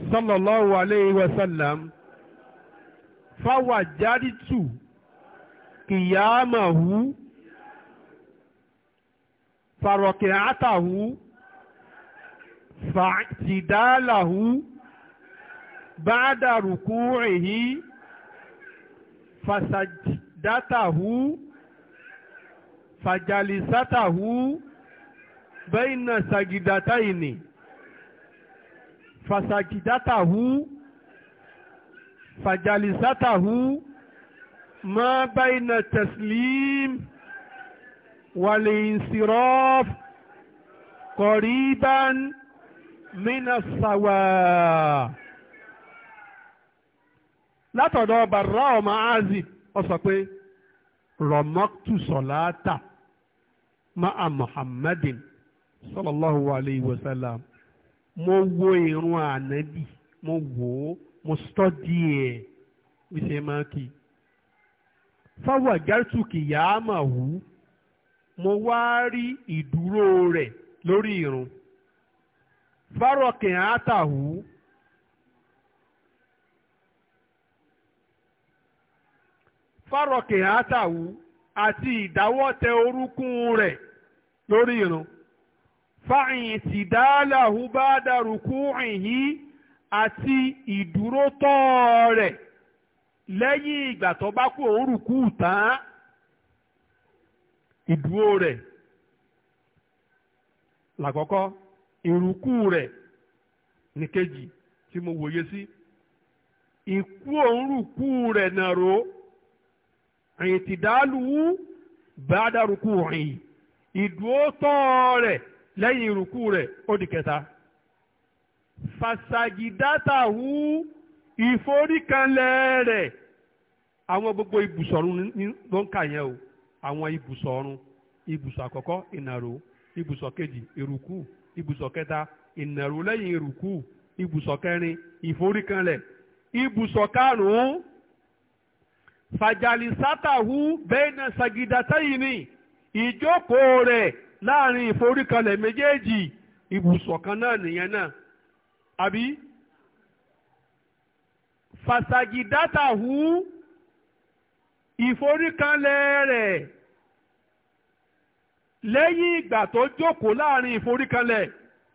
sallallahu alayhi wa sallam fawajaditu qiyamahu farokiatahu fa'tidalahu ba'da ruku'ihi fasajdatahu fajalisatahu bayna sagidataini fasajidatahu fajalisatahu ma bayna taslim walinsiraf qariban mina sawa. látọ̀dọ̀ bàrá ọmọ azib ó sọ pé rọmọktu sọláàtà ma'a muhammadin sallallahu alayhi wa sallam. mo wo irun ànábì mo wò ó mo stọ́dí ẹ̀ bí ṣe máa kí fáwọn àjárùtù kìyà máa wù mo wá rí ìdúró rẹ̀ lórí irun fárọ̀kì àtàwù fárọ̀kì àtàwù àti ìdáwọ́tẹ orúkún rẹ̀ lórí irun. fàìntìdáàláhù bá dàrúkú ìhí àti ìdúrótọ́ rẹ̀ lẹ́yìn ìgbà tó bá kú òórùkú tán ìdúró rẹ̀ làkọ́kọ́ ìrùkú rẹ̀ nìkejì tí mo wòye sí ìkú òórùkú rẹ̀ nàró ìtìdáàlù bá dàrúkú ìhí ìdúrótọ́ rẹ̀ lẹ́yìn ìrùkú rẹ̀ ó di kẹta fàṣàgìdátàwù ìforíkanlẹ̀ rẹ̀ àwọn gbogbo ibùsọ̀run ló ń kà yẹn o àwọn ibùsọ̀run ibùsọ̀ àkọ́kọ́ ìnàró ibùsọ̀ kejì ìrùkú ibùsọ̀ kẹta ìnàró lẹ́yìn ìrùkú ibùsọ̀ kẹrin ìforíkanlẹ̀ ibùsọ̀ karùn-ún fàjàlísátàwù bẹ́ẹ̀ náà ṣàgìdátàyìnì ìjókòó rẹ̀ láàrin ìforíkalẹ̀ méjèèjì ibùsọ̀ kan náà nìyẹn náà àbí fàṣàgìdátà hu ìforíkalẹ̀ rẹ̀ lẹ́yìn ìgbà tó jókòó láàrin ìforíkalẹ̀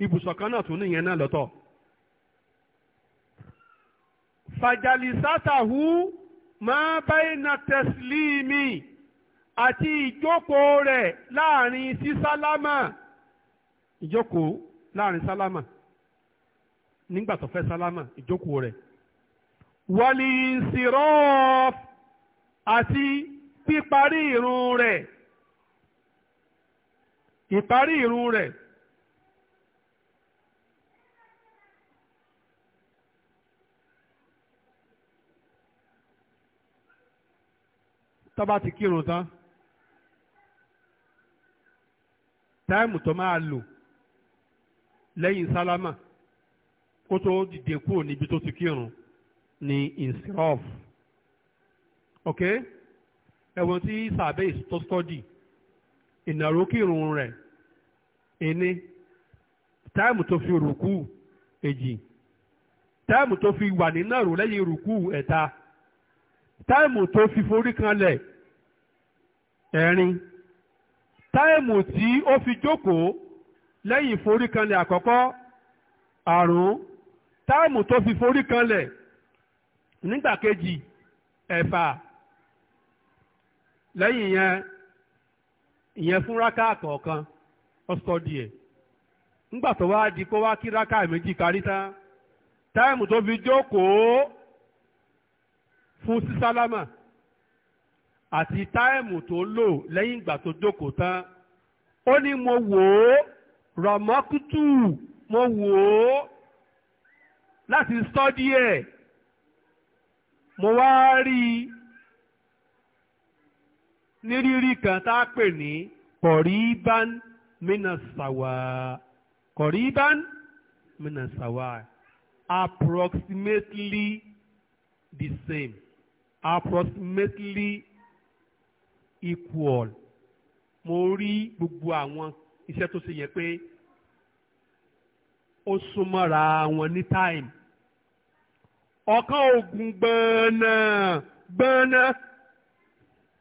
ibùsọ̀ kan náà tún nìyẹn náà lọ́tọ̀ fàjàlísátà hu máa báyìí na tẹ̀sílì àti ìjókòó rẹ̀ láàrin sí sálámà ìjókòó láàrin sálámà nígbà tó fẹ́ sálámà ìjókòó rẹ̀ wọlì sírọ́ọ̀f àti píparí ìrun rẹ̀ ìparí ìrun rẹ̀. tó ti kírun tán táìmù tó máa lò lẹ́yìn sálámà kó tó dìde kúrò níbi tó ti kírun ní insiraf ok ẹ̀wọ̀n tí sàbẹ̀ tó stọ́dì kírun rẹ̀ ẹni táìmù tó fi rùkú èjì táìmù tó fi wà ní nàró lẹ́yìn rùkú ẹ̀ta táìmù tó fi forí kanlẹ̀ ẹ̀rin. táìmù tí ó fi jókòó lẹ́yìn ìforíkanlẹ̀ àkọ́kọ́ àrùn táìmù tó fi forí lẹ̀ nígbà kejì ẹ̀fà lẹ́yìn yẹn ìyẹn fún rákà kọ̀ọ̀kan ọ̀sọ̀dì ẹ̀ nígbà tó wá di kó wá kí rákà méjì kárí tán táìmù tó fi jókòó fún sísálámà. Si àti táìmù tó lò lẹ́yìn ìgbà tó jókòó tán ó ní mo wò ó rọ̀mọ́kútù mo wò ó láti sọ́dí ẹ̀ mo wá rí i ní rírí kan tá a pè ní kọ̀ríbán mínàsáwà kọ̀ríbán mínàsáwà approximately the same approximately equal mo rí gbogbo àwọn iṣẹ́ tó ṣe yẹn pé ó súnmọ́ra wọn ní time ọ̀kan oògùn gbọ́nà gbọ́nà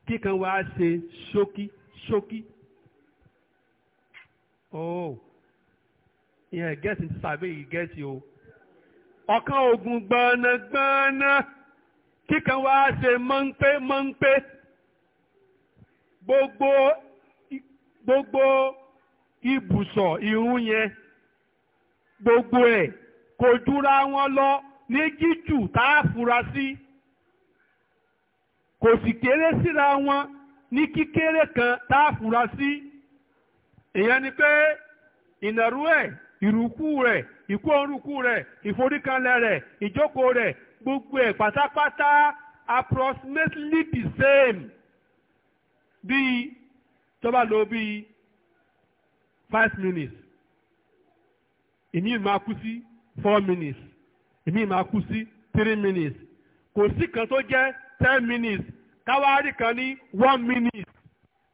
kíkan wá ṣe ṣókí ṣókí oh ìyẹn gẹ́ẹ̀sì ti sàbẹ̀ yìí gẹ́ẹ̀sì o ọ̀kan oògùn gbọ́nà gbọ́nà kíkan wá ṣe mọ́ńpé mọ́ńpé. gbogbo gbogbo ibùsọ̀ irun yẹn gbogbo ẹ̀ kò dúra wọn lọ ní jíjù tá a fura sí kò sì kéré síra wọn ní kíkéré kan tá a fura sí ìyẹn ni pé ìnàrú ẹ̀ ìrùkú rẹ̀ ìkú orúkú rẹ̀ ìforíkanlẹ̀ rẹ̀ ìjókòó rẹ̀ gbogbo ẹ̀ pátápátá approximately the same. bíi tó bá lò bíi five minutes ìmí máa kú sí four minutes ìmí máa kú sí three minutes kò sí kan tó jẹ́ ten minutes káwárí kan ní one minute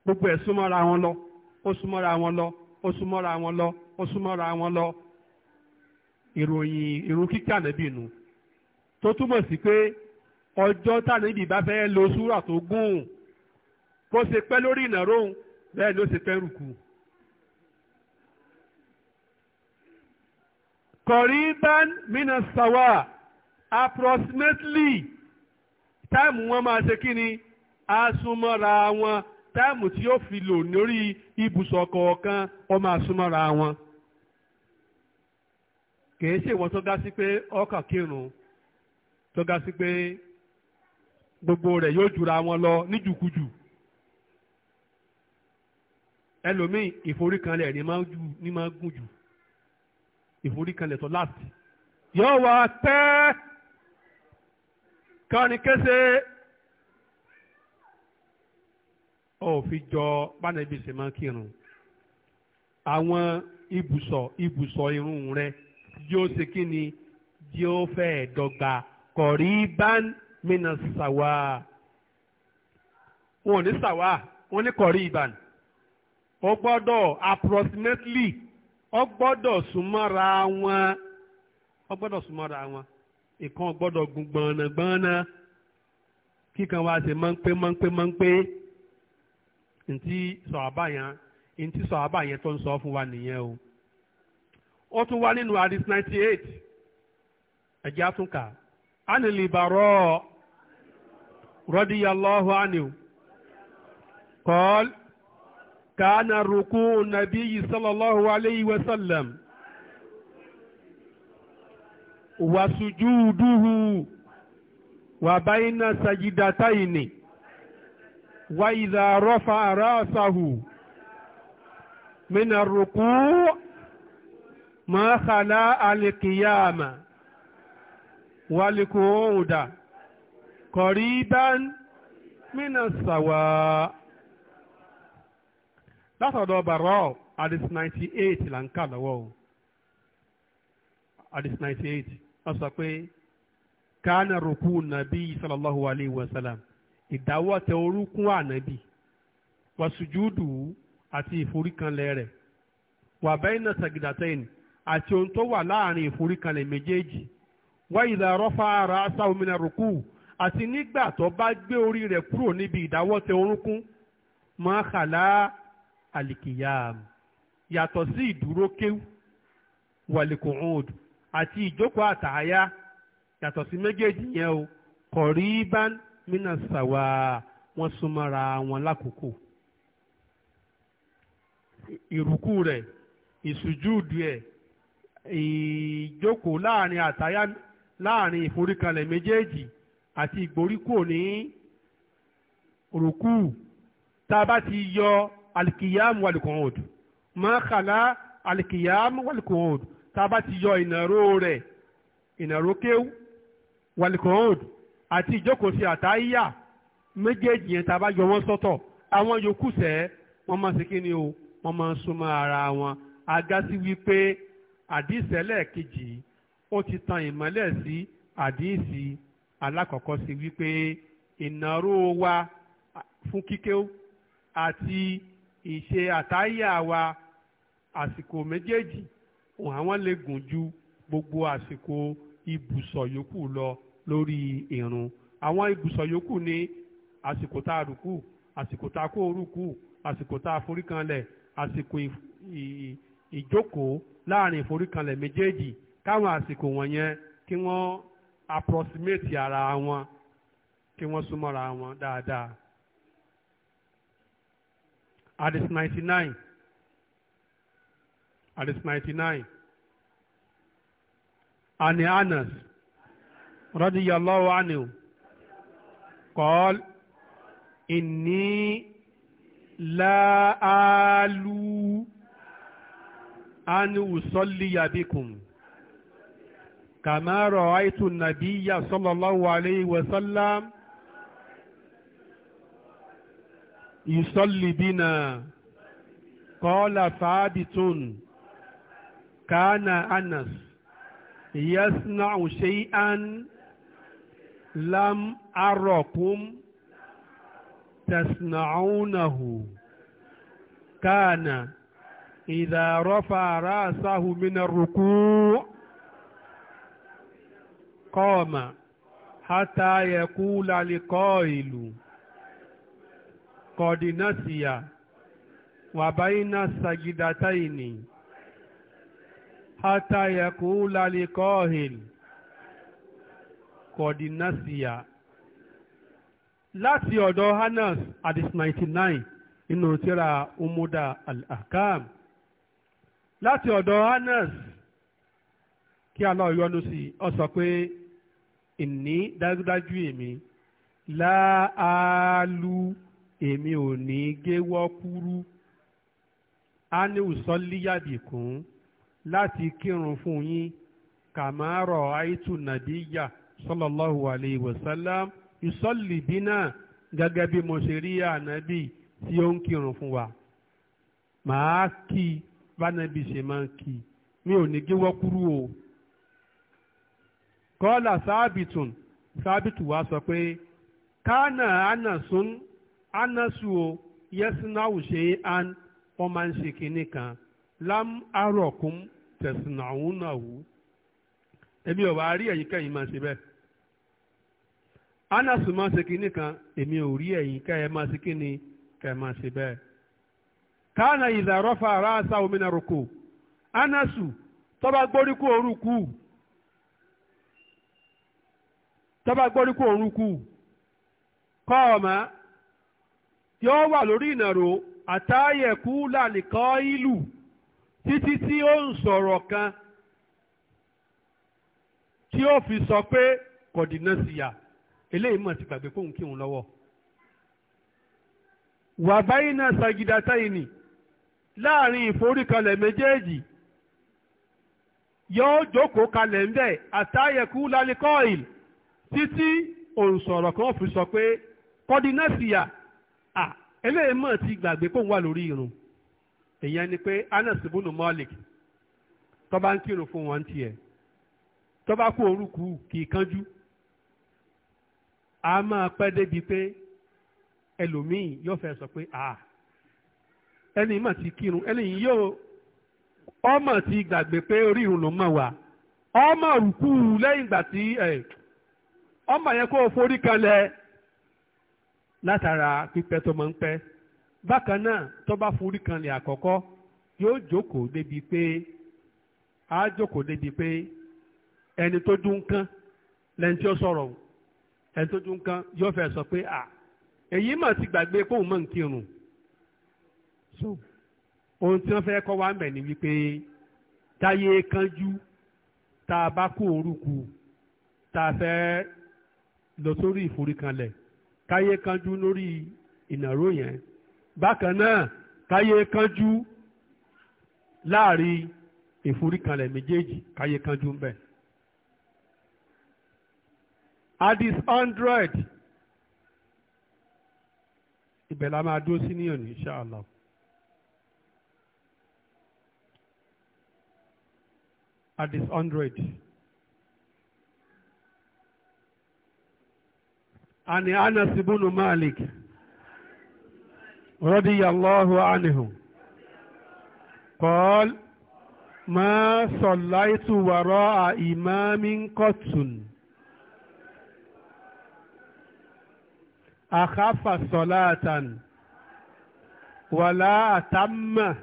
gbogbo ẹ̀ súnmọ́ra wọn lọ ó súnmọ́ra wọn lọ ó súnmọ́ra wọn lọ ó súnmọ́ra wọn lọ ìròyìn irun kíkà níbí nu tó túmọ̀ sí pé ọjọ́ tàníbi bá fẹ́ lo súrà tó gùn bó se pẹ́ lórí ìnáró òun bẹ́ẹ̀ ló ṣe pẹ́ rùkù. kọ̀ríban minasawa approximately táìmù wọn máa ṣe kí ni asúnmọ́ra wọn táìmù tí ó fi lò lórí ibùsọ̀ kọ̀ọ̀kan ó máa súnmọ́ra wọn kìí ṣe ìwọ̀n tó ga sí pé ọkàn kírun tó ga sí pé gbogbo rẹ̀ yóò jura wọn lọ níjùkújù. ẹlòmíì ìforíkanlẹ̀ ni máa ń gùn jù ìforíkanlẹ̀ tó láti yóò wá pẹ́ kọ́ni kése òfin jọ bánẹ́bí ṣe máa kírun àwọn ibùsọ̀ ibùsọ̀ irun rẹ yóò ṣe kí ni yóò fẹ́ dọ́gba kọ̀rí bán mínà sàwà wọn ò ní sàwà wọn ní kọ̀rí ìbàn ó gbọ́dọ̀ approximately ó gbọ́dọ̀ súnmọ́ra wọn ó gbọ́dọ̀ súnmọ́ra wọn ìkan gbọ́dọ̀ gun gbọ̀nàgbọ̀nà kíkan wá ntí sọ àbáyàn ntí sọ àbáyàn tó ń sọ fún wa nìyẹn o ó tún wá nínú àdìs ninety eight ẹ̀jẹ̀ àtúnkà anilibarọ́ rọ́díyàlọ́hu kọ́ọ́lù. كان ركوع النبي صلى الله عليه وسلم وسجوده وبين سجدتين وإذا رفع رأسه من الركوع ما خلا القيامة والقعود قريبا من السواء látọ̀dọ̀ bàrọ́ àdìs 98 eight là ń kà lọ́wọ́ o àdìs ninety eight wọ́n sọ pé kánà rukú nàbí sallallahu alayhi wa sallam ìdáwọ́ tẹ orúkún ànábì wàsùjúdù àti ìforíkanlẹ̀ rẹ̀ wà bẹ́ẹ̀ náà sàgìdàtẹ́yìn àti ohun tó wà láàrin ìforíkanlẹ̀ méjèèjì wá ìdá rọ́fà ara sáwọ́mìnà rukú àti nígbà tó bá gbé orí rẹ̀ kúrò níbi ìdáwọ́ tẹ orúkún máa kàlá alikiyam yàtọ̀ sí ìdúró kéwù wàlìkùnrùd àti ìjókòó àtàyà yàtọ̀ sí méjèèjì yẹn o kọ̀ríban mina sàwà wọ́n súnmọ́ra wọn lákòókò ìrùkù rẹ̀ ìsùjúùdù ẹ̀ ìjókòó láàrin àtàyà láàrin ìforíkalẹ̀ méjèèjì àti ìgboríkò ní rùkù tá a bá ti yọ alikiyam walikuhud makala alikiyam walikuhud tá a bá ti yọ ìnáró rẹ̀ ìnáró kéwú walikuhud àti ìjókòsí àtàyà méjèèjì yẹn tá a bá yọ wọ́n sọ́tọ̀ àwọn yòókù sẹ́ wọ́n máa ṣe kí o wọ́n máa súnmọ́ ara wọn agasi wípé àdìsí ẹlẹ́ẹ̀kejì ó ti tan ìmọ́lẹ̀ sí àdìsí alákọ̀ọ́kọ́ sí wípé ìnáró wa fún kíkéwú àti ìṣe àtáyà wa àsìkò méjèèjì àwọn lè gùn ju gbogbo àsìkò ibùsọ̀ yòókù lọ lórí ìrun àwọn ibùsọ̀ yòókù ní àsìkò tá a rùkù àsìkò tá a kó orúkù àsìkò tá a foríkanlẹ̀ àsìkò ìjókòó láàrin ìforíkanlẹ̀ méjèèjì káwọn àsìkò wọ̀nyẹn kí wọ́n approximate ara wọn kí wọ́n súnmọ́ra wọn dáadáa hadith ninety nine hadith ninety nine ani anas radiyallahu anhu qal inni la alu an usalli bikum kama ra'aytu an-nabiyya sallallahu alayhi wa sallam يصلي بنا قال ثابت كان أنس يصنع شيئا لم أركم تصنعونه كان إذا رفع رأسه من الركوع قام حتى يقول لقائل kọ̀ọ̀dì náà sì yà hata yakula likọ́hìn kọ̀ọ̀dì náà sì yà láti ọ̀dọ̀ Anas hadis 99 inú tírà umuda al-akam láti ọ̀dọ̀ Anas kí Allah yọ́nú sí ọ sọ pé ìní dájúdájú èmi láàálù. èmi ò ní géwọ́ kúrú aniusọ́líyàbì kún láti kírun fún yín kàmárọ̀ àìtù nàbíyà sallallahu alayhi wa sallam ìsọ́lì bínà gẹ́gẹ́ bí mo ṣe rí ànábì tí ó ń kírun fún wa màá kí bánábì ṣe máa ń kí mi ò ní géwọ́ kúrú o kọ́lá sábìtùn sábìtù wa sọ pé kánà ánà sún anasu o yesu n'awu sie an ọ ma segin nị ka lam aro kum tẹsana ụ n'awu emi ọ bụ ali anyị ka ị ma si bẹ anasu ma segin nị ka emi ọ ri anyị ka ya ma segin nị ka ị ma si bẹ ka a na ị ndọrọ ọfa ọrụ anasu tọba n'agbalị oruku, oluku tọba n'agbalị ụka yóò wà lórí ìnàró àtàyẹ̀kú lànìkan ìlú títí tí ó ń sọ̀rọ̀ kan tí ó fi sọ pé kọ̀dínà síyà eléyìí mọ̀ ti gbàgbé kóhun kí òun lọ́wọ́ wà báyìí náà sagidatayini láàrin ìforíkalẹ̀ méjèèjì yóò jókòó kalẹ̀ ńbẹ̀ àtàyẹ̀kú lálẹ́ kọ́ìl títí òǹsọ̀rọ̀ kan fi sọ pé kọ́dínẹ́sìyà à eléyìí mọ̀ ti gbàgbé kó ń wà lórí irun èèyàn ni pé Anas ibùnú Malik tó ń kírun fún wọn tiẹ̀ tó kú orúkú kì í kánjú a máa pẹ́ débi pé ẹlòmíì yóò sọ pé a. ẹni mà ti kírun ẹni yóò ọmọ ti gbàgbé pé orí irun ló mọ̀ wá ọmọ lẹ́yìn ìgbà tí ọmọ yẹn kó látara pípẹ́ tó máa ń pẹ́ bákan náà tó bá forí kanlẹ̀ àkọ́kọ́ yóò jókòó débi pé á jókòó débi pé ẹni tó dún kán lẹ́ni tí ó sọ̀rọ̀ ẹni tó dún kán yóò fẹ́ sọ pé à èyí mà ti gbàgbé kóun mọ̀ ń kírun so ohun tí wọ́n fẹ́ kọ́ wa mẹ̀ ni wípé táyé kánjú tá a bá kó orúkú tá a fẹ́ lọ sórí ìforíkanlẹ̀ káyé kánjú lórí ìnáró yẹn bákan náà káyé kánjú láàrin ìforíkanlẹ̀ méjèèjì káyé kánjú ń bẹ. Addis hundred ibẹ̀ la máa dúró sí ní òní Addis hundred. عن أنس بن مالك رضي الله عنه قال ما صليت وراء إمام قط أخف صلاة ولا أتم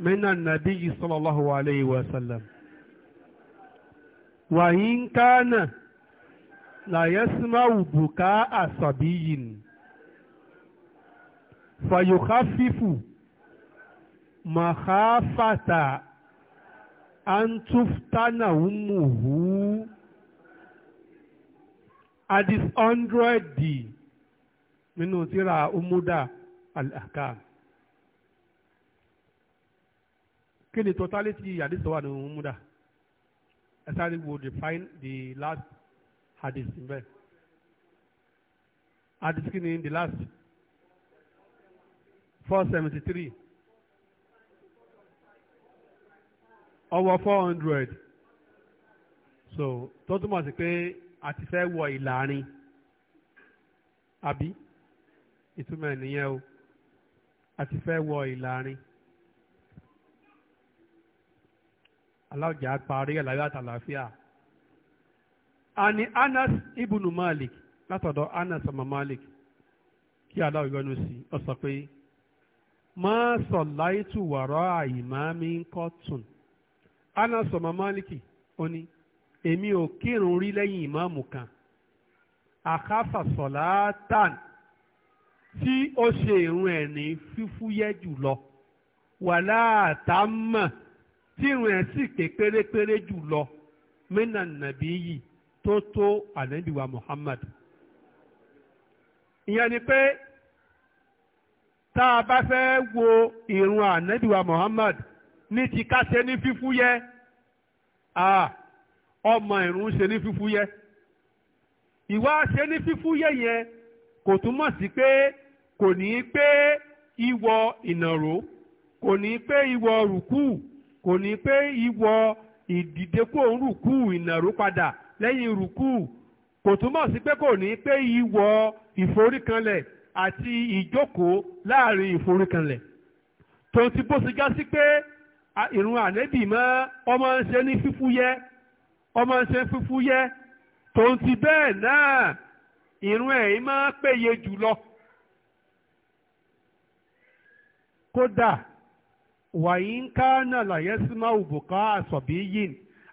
من النبي صلى الله عليه وسلم وإن كان làyẹ́símáwù bùká àsàbíyìn fàyòkáfífù màkáfàtà àǹtúftánàwùmùhù adis ọ́ndrẹ́dì nínú tíra umuda al-ahkam kí ni totality adis wà nínú umuda ẹ sáré wo define the last hadith bẹ́ẹ̀ hadith kí ni the last four seventy three over four hundred so tó túmọ̀ sí pé a ti fẹ́ wọ ìlàrin àbí ìtumọ̀ nìyẹn o a ti fẹ́ wọ ìlàrin aláwùjá parí ẹ̀ láyé àtàlàáfíà àní anas ibùnú malik látọ̀dọ̀ anas ọmọ malik kí aláwọ̀ yọ́nú sí ọ sọ pé má sọ láìtù wàrọ̀ àìmáàmí kọ́tùn anas ọmọ malik ó ní èmi ò kírun rí lẹ́yìn ìmáàmù kan àkáfà sọ̀láátàn tí ó ṣe ìrun ẹ̀ ní fífúyẹ́ jùlọ wàlá àtàmà tí ìrun ẹ̀ sì pé pérépéré jùlọ mẹ́nà nàbí yìí tó tó ànábìwá Muhammad ìyẹn ni pé tá a bá fẹ́ wo ìrun ànábìwá Muhammad ní ti ká ṣe ní fífúyẹ́ ọmọ ìrun ṣe ní fífúyẹ́ ìwà ṣe ní fífúyẹ́ yẹn kò túmọ̀ sí pé kò ní pé ìwọ ìnàró kò ní pé ìwọ rùkú kò ní pé ìwọ ìdìdekò rùkú ìnàró padà lẹ́yìn rùkú kò túmọ̀ sí pé kò ní pé ìwọ ìforíkanlẹ̀ àti ìjókòó láàrin ìforíkanlẹ̀ tó ti bó ṣe já sí pé ìrun ànẹ́bì mọ́ ọmọ ń ṣe ní fífúyẹ́ ọmọ ń ṣe fífúyẹ́ tó ti bẹ́ẹ̀ náà ìrun ẹ̀yìn ma péye jùlọ. kódà wàyí ń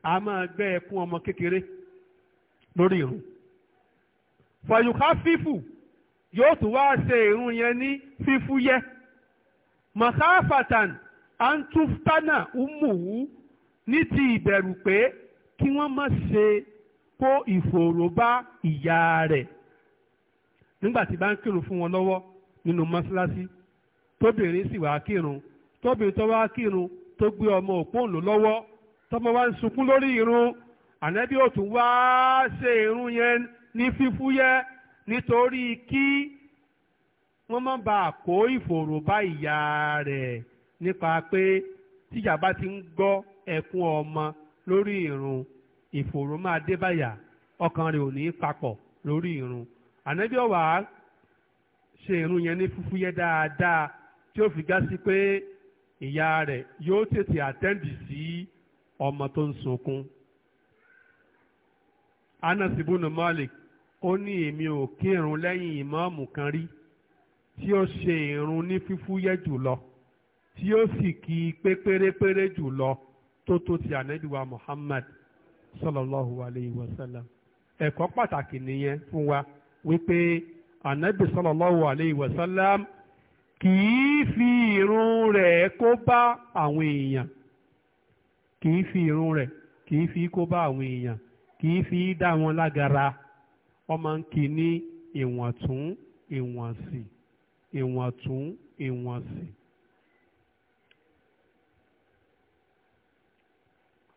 a máa gbẹ́ ẹkún ọmọ kékeré. lórí irun fàyùká fífù yóò tún wá ṣe irun yẹn ní fífúyẹ́ mọ̀káfàtàn àǹtúftánà umuwu ní ti ìbẹ̀rù pé kí wọ́n má ṣe kó ìfòòró bá ìyá rẹ̀ nígbà tí bá ń kírun fún wọn lọ́wọ́ nínú mọ́ṣáláṣí tóbìnrin sì wá kírun tóbìnrin tó wá kírun tó gbé ọmọ òpóǹlò lọ́wọ́ tọmọ wá ń sunkún lórí irun ànábì ò tún wá ṣe irun yẹn ní fífúyẹ́ nítorí kí wọ́n má bàa kó ìfòòró bá ìyá rẹ̀ nípa pé tíjà bá ti ń gbọ́ ẹkún ọmọ lórí irun ìfòòró máa dé báyà ọkàn rẹ̀ ò ní papọ̀ lórí irun ànábì ọ̀wà ṣe irun yẹn ní fífúyẹ́ dáadáa tí ó fi gá sí pé ìyá rẹ̀ yóò tètè àtẹ́ǹdì sí ọmọ tó ń sunkún. Anas ibn Malik ó ní èmi ò kírun lẹ́yìn ìmáàmù kan rí tí ó ṣe ìrun ní fífúyẹ́ jùlọ tí ó sì kí i pé pérépéré jùlọ tó tó ti ànẹ́dùwà Muhammad sallallahu alayhi wa sallam ẹ̀kọ́ pàtàkì nìyẹn fún wa wípé ànẹ́bì sallallahu alayhi wa sallam kì í fi ìrun rẹ̀ kó bá àwọn èèyàn kì í fi ìrun rẹ̀ kì í fi kó bá àwọn èèyàn kì í fi dá wọn lágara wọ́n máa ń kí ní ìwọ̀ntún ìwọ̀nsì ìwọ̀ntún ìwọ̀nsì.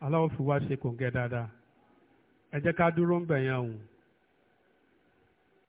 aláwọ̀ fi wá ṣe kòǹgẹ́ dáadáa ẹ jẹ́ ká dúró ń bẹ̀yẹn ọ̀hún.